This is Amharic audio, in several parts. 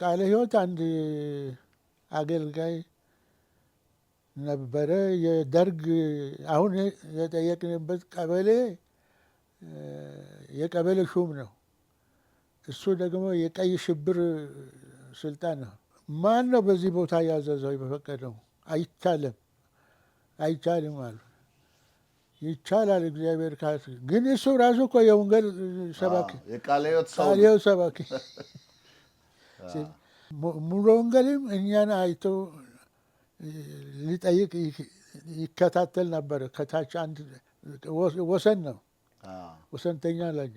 ቃለ ሕይወት አንድ አገልጋይ ነበረ። የደርግ አሁን የጠየቅንበት ቀበሌ የቀበሌ ሹም ነው። እሱ ደግሞ የቀይ ሽብር ስልጣን ነው። ማን ነው በዚህ ቦታ ያዘዘው የፈቀደው? አይቻልም አይቻልም አሉ። ይቻላል እግዚአብሔር ካለ ግን እሱ ራሱ እኮ የወንጌል ሰባኪ ቃለ ሕይወት ሰባኪ ሲል ገሊም እኛን አይቶ ሊጠይቅ ይከታተል ነበረ። ከታች አንድ ወሰን ነው ወሰንተኛ ለኝ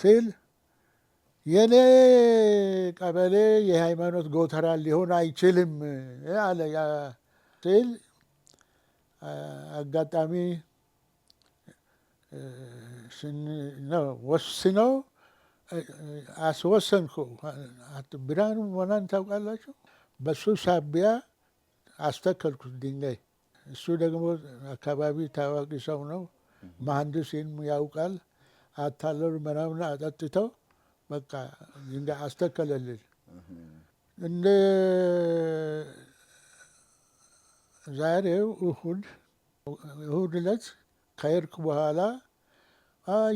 ሲል የኔ ቀበሌ የሃይማኖት ጎተራ ሊሆን አይችልም አለ ሲል አጋጣሚ ነው ወስነው አስወሰንኩ። ብርሃኑ ሆናን ታውቃላችሁ? በሱ ሳቢያ አስተከልኩት ድንጋይ። እሱ ደግሞ አካባቢ ታዋቂ ሰው ነው፣ መሀንዲስም ያውቃል። አታለሉ ምናምን አጠጥተው በቃ ድንጋይ አስተከለልን። እንደ ዛሬው እሁድ እሁድ ዕለት ከሄድኩ በኋላ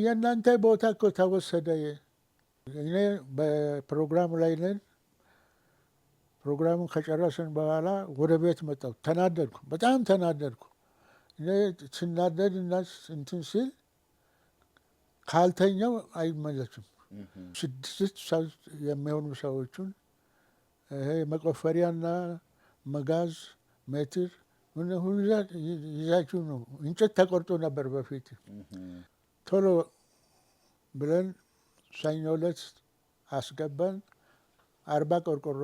የእናንተ ቦታ እኮ ተወሰደ እኔ በፕሮግራም ላይ ነን። ፕሮግራሙን ከጨረስን በኋላ ወደ ቤት መጣሁ። ተናደድኩ፣ በጣም ተናደድኩ። ስናደድ እና እንትን ሲል ካልተኛው አይመለስም። ስድስት የሚሆኑ ሰዎቹን ይሄ መቆፈሪያና መጋዝ ሜትር ይዛችሁ ነው። እንጨት ተቆርጦ ነበር በፊት ቶሎ ብለን ሰኞ ዕለት አስገባን። አርባ ቆርቆሮ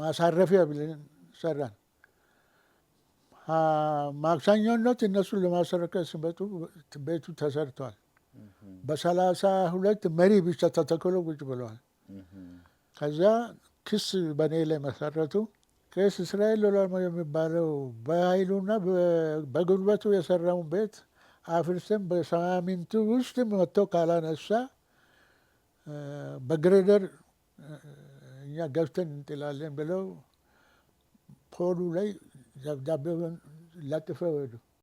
ማሳረፊያ ብለን ሰራን። ማክሰኞነት እነሱን ለማስረከብ ሲመጡ ቤቱ ተሰርቷል። በሰላሳ ሁለት መሪ ብቻ ተተክሎ ቁጭ ብለዋል። ከዛ ክስ በእኔ ላይ መሰረቱ። ክስ እስራኤል ሎላ የሚባለው በኃይሉና በጉልበቱ የሰራውን ቤት አፍርሰን በሳሚንቱ ውስጥ መጥቶ ካላነሳ በግሬደር እኛ ገብተን እንጥላለን ብለው ፖሉ ላይ ደብዳቤውን ለጥፈው ሄዱ።